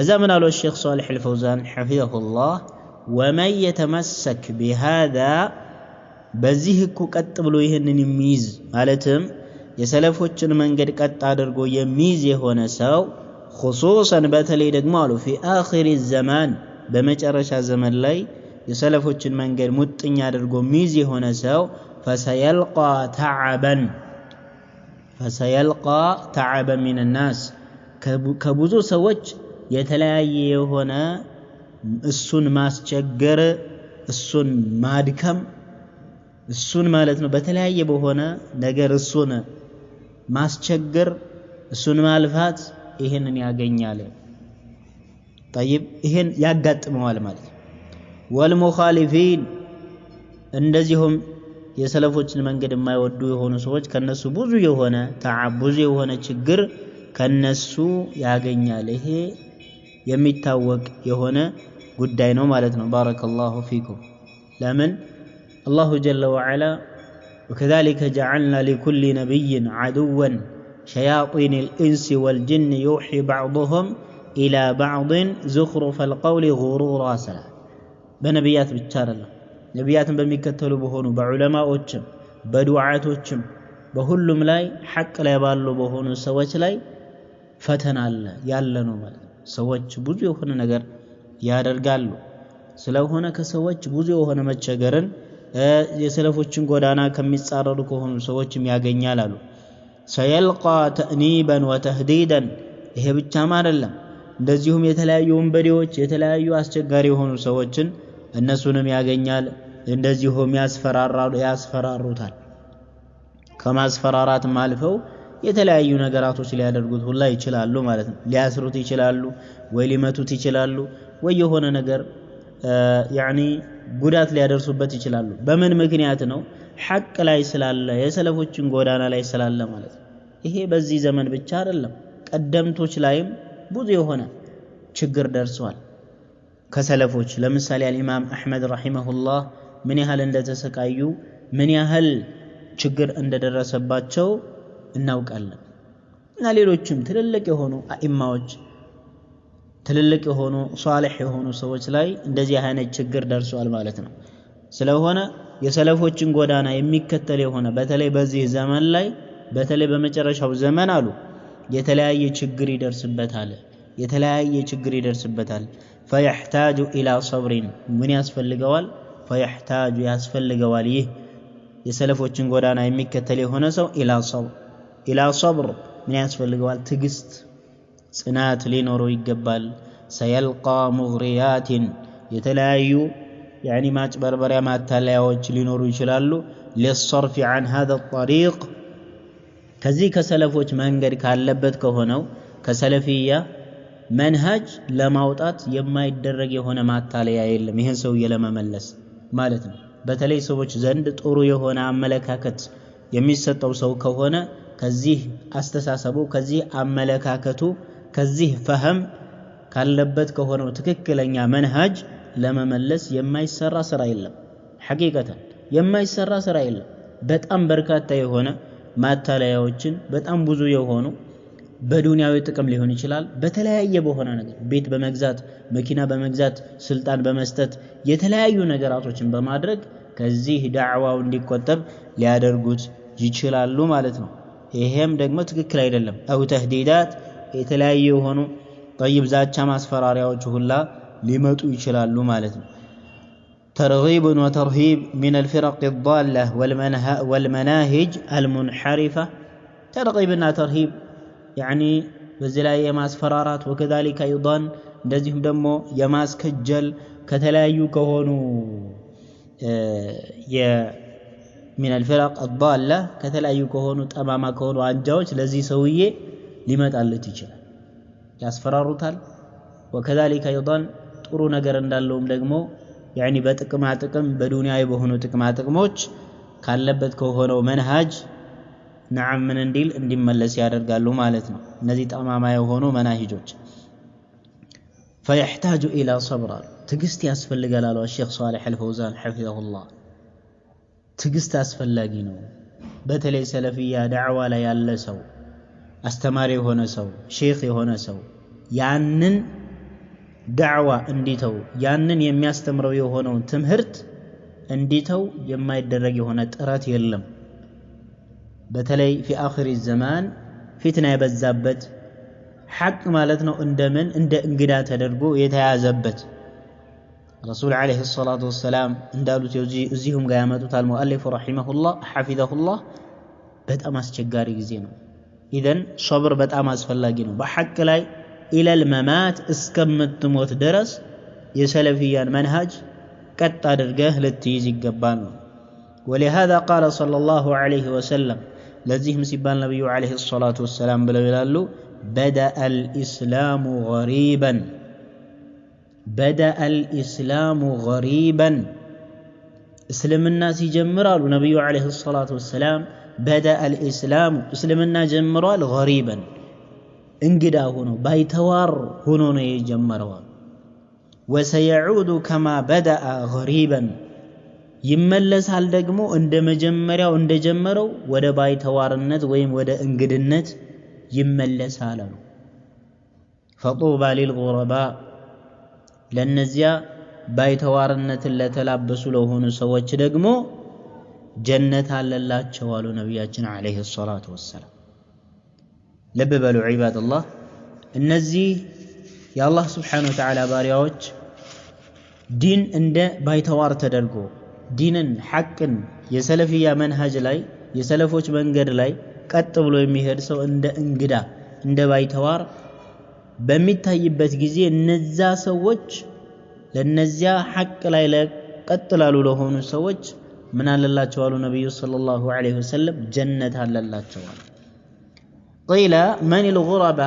ከዛ ምን አሉ ሼክ ሷሊህ አልፈውዛን ሐፊዘሁላህ ወመን የተመሰክ ቢሃዛ በዚህ እኮ ቀጥ ብሎ ይህንን የሚይዝ ማለትም የሰለፎችን መንገድ ቀጥ አድርጎ የሚይዝ የሆነ ሰው ኹሱሰን በተለይ ደግሞ አሉ ፊ አኺሪ ዘማን በመጨረሻ ዘመን ላይ የሰለፎችን መንገድ ሙጥኝ አድርጎ የሚይዝ የሆነ ሰው ፈሰየልቃ ተዓበን ፈሰየልቃ ተዓበን ሚንናስ ከብዙ ሰዎች የተለያየ የሆነ እሱን ማስቸገር፣ እሱን ማድከም፣ እሱን ማለት ነው በተለያየ በሆነ ነገር እሱን ማስቸገር፣ እሱን ማልፋት ይህንን ያገኛል። طيب ይህን ያጋጥመዋል ማለት ነው። ወልሙኻሊፊን እንደዚሁም የሰለፎችን መንገድ የማይወዱ የሆኑ ሰዎች ከነሱ ብዙ የሆነ ተዓብ ብዙ የሆነ ችግር ከነሱ ያገኛል ይሄ يميتاوك يهونا قد دينو مالتنا بارك الله فيكم لمن الله جل وعلا وكذلك جعلنا لكل نبي عدوا شياطين الإنس والجن يوحي بعضهم إلى بعض زخرف القول غرورا سلا بنبيات بتشار الله نبيات بميكتلوا بهونو بعلماء اتشم بدعاة اتشم بهلم لاي حق لا يبالوا بهونو سواج لاي فتن الله يالنو مالك ሰዎች ብዙ የሆነ ነገር ያደርጋሉ። ስለሆነ ከሰዎች ብዙ የሆነ መቸገርን የሰለፎችን ጎዳና ከሚጻረሩ ከሆኑ ሰዎችም ያገኛል አሉ። ሰየልቃ ተእኒበን ወተህዲደን ይሄ ብቻም አይደለም። እንደዚሁም የተለያዩ ወንበዴዎች፣ የተለያዩ አስቸጋሪ የሆኑ ሰዎችን እነሱንም ያገኛል። እንደዚሁም ያስፈራራሉ፣ ያስፈራሩታል። ከማስፈራራትም አልፈው የተለያዩ ነገራቶች ሊያደርጉት ሁላ ይችላሉ ማለት ነው። ሊያስሩት ይችላሉ ወይ ሊመቱት ይችላሉ ወይ የሆነ ነገር ያኒ ጉዳት ሊያደርሱበት ይችላሉ። በምን ምክንያት ነው? ሐቅ ላይ ስላለ የሰለፎችን ጎዳና ላይ ስላለ ማለት ነው። ይሄ በዚህ ዘመን ብቻ አይደለም፣ ቀደምቶች ላይም ብዙ የሆነ ችግር ደርሷል። ከሰለፎች ለምሳሌ አልኢማም አሕመድ ረሂመሁላህ ምን ያህል እንደተሰቃዩ ምን ያህል ችግር እንደደረሰባቸው እናውቃለን እና ሌሎችም ትልልቅ የሆኑ አኢማዎች ትልልቅ የሆኑ ሷልሕ የሆኑ ሰዎች ላይ እንደዚህ አይነት ችግር ደርሷል ማለት ነው። ስለሆነ የሰለፎችን ጎዳና የሚከተል የሆነ በተለይ በዚህ ዘመን ላይ በተለይ በመጨረሻው ዘመን አሉ የተለያየ ችግር ይደርስበታል፣ የተለያየ ችግር ይደርስበታል። ፈየሕታጁ ኢላ ሰብሪን ምን ያስፈልገዋል? ፈየሕታጁ ያስፈልገዋል። ይህ የሰለፎችን ጎዳና የሚከተል የሆነ ሰው ኢላ ሰብር ኢላ ሰብር ምን ያስፈልገዋል? ትዕግስት፣ ጽናት ሊኖረው ይገባል። ሰየልቃ ሙግሪያትን የተለያዩ ያኒ ማጭበርበሪያ ማታለያዎች ሊኖሩ ይችላሉ። ሊሰርፊ አን ሃዛ ጠሪቅ ከዚህ ከሰለፎች መንገድ ካለበት ከሆነው ከሰለፊያ መንሃጅ ለማውጣት የማይደረግ የሆነ ማታለያ የለም። ይህን ሰውዬ ለመመለስ ማለት ነው። በተለይ ሰዎች ዘንድ ጥሩ የሆነ አመለካከት የሚሰጠው ሰው ከሆነ ከዚህ አስተሳሰቡ ከዚህ አመለካከቱ ከዚህ ፈህም ካለበት ከሆነው ትክክለኛ መንሃጅ ለመመለስ የማይሰራ ስራ የለም። ሐቂቀተን የማይሰራ ስራ የለም። በጣም በርካታ የሆነ ማታለያዎችን በጣም ብዙ የሆኑ በዱንያዊ ጥቅም ሊሆን ይችላል፣ በተለያየ በሆነ ነገር ቤት በመግዛት መኪና በመግዛት ስልጣን በመስጠት የተለያዩ ነገራቶችን በማድረግ ከዚህ ዳዕዋው እንዲቆጠብ ሊያደርጉት ይችላሉ ማለት ነው። ይሄም ደግሞ ትክክል አይደለም አው ተህዲዳት የተለያዩ የሆኑ ጠይብ ዛቻ ማስፈራሪያዎች ሁላ ሊመጡ ይችላሉ ማለት ነው ترغيب وترهيب من الفرق الضالة والمنه والمناهج المنحرفة ترغيب ترهيب يعني بزلا يماس فرارات وكذلك أيضا نزهم دمو يماس كجل كتلايو كهونو من الفرق الضالة كثلا يكونوا تماما كونوا عنجاوج لذي سوية لما تعلت يجعل يسفر الرطال وكذلك أيضا تقروا نقرن دالهم دقمو يعني باتكم بدون بدوني عيبو هنو تكم عتكموش قال لبت كوهنو منهج نعم من انديل اندي ملسي عرر قال لهم عالتنا نزي تماما يهونو مناهجوج فيحتاج إلى صبر تقستي أسفل لقلالو الشيخ صالح الفوزان حفظه الله ትግስት አስፈላጊ ነው። በተለይ ሰለፍያ ዳዕዋ ላይ ያለ ሰው አስተማሪ የሆነ ሰው ሼክ የሆነ ሰው ያንን ዳዕዋ እንዲተው ያንን የሚያስተምረው የሆነውን ትምህርት እንዲተው የማይደረግ የሆነ ጥረት የለም። በተለይ ፊ አኺሪ ዘማን ፊትና የበዛበት ሐቅ ማለት ነው እንደምን እንደ እንግዳ ተደርጎ የተያዘበት رسول عليه الصلاة والسلام إن دالو تيوزي أزيهم قيامتو تال مؤلف رحمه الله حفظه الله بدأ ما سجاري زينو إذن صبر بدأ ما سفلاقينو بحق لاي إلى الممات اسكمت موت درس يسلفيا منهج كتا درقه لتيزي قبانو ولهذا قال صلى الله عليه وسلم لزيهم سبان النبي عليه الصلاة والسلام بلغلالو بدأ الإسلام غريباً بدا الاسلام غريبا إسلم الناس سيجمرال النبي عليه الصلاه والسلام بدا الاسلام إسلم الناس جمرال غريبا انجدا هونو بايتوار هونو نيجمروا وسيعود كما بدا غريبا يملس هل دغمو اند مجمرياو اند جمرو ود بايتوارنت ويم ود انجدنت يملس هل فطوبى للغرباء ለነዚያ ባይተዋርነትን ለተላበሱ ለሆኑ ሰዎች ደግሞ ጀነት አለላቸው አሉ ነቢያችን ዓለይሂ ሰላቱ ወሰላም። ልብ በሉ ዒባደላህ፣ እነዚህ የአላህ ስብሓነሁ ወተዓላ ባሪያዎች ዲን እንደ ባይተዋር ተደርጎ ዲንን ሐቅን የሰለፍያ መንሃጅ ላይ የሰለፎች መንገድ ላይ ቀጥ ብሎ የሚሄድ ሰው እንደ እንግዳ እንደ ባይተዋር በሚታይበት ጊዜ እነዛ ሰዎች ለነዚያ ሐቅ ላይ ለቀጥላሉ ለሆኑ ሰዎች ምን አለላቸው አሉ ነቢዩ ሰለላሁ ዐለይሂ ወሰለም ጀነት አለላቸዋል ቂለ መን ልጉረባ